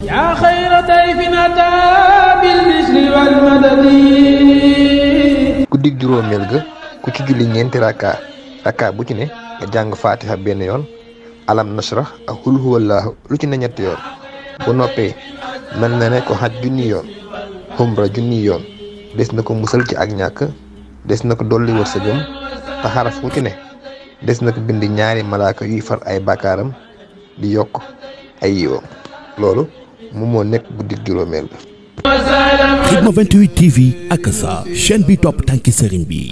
yaa xayra dayfin ataa bil bishri wal madadi guddig juróomeel ga ku ci julli ñeenti rakka rakka bu ci ne a jàng faatiha benn yoon alam nashrah ak xul huwallaahu lu ci ne ñetti yoon bu noppee mel na ne ko xaj junni yoon xumra junni yoon des na ko musal ci ak ñàkk des na ko dolli wërsëgam te xaraf wu ci ne des na ko bind ñaari malaaka yuy far ay baakaaram di yokk ay yiwam loolu moom moo nekk guddik juróomeel ga Rythme 28 TV ak sa chaîne bi topp tànki sëriñ bi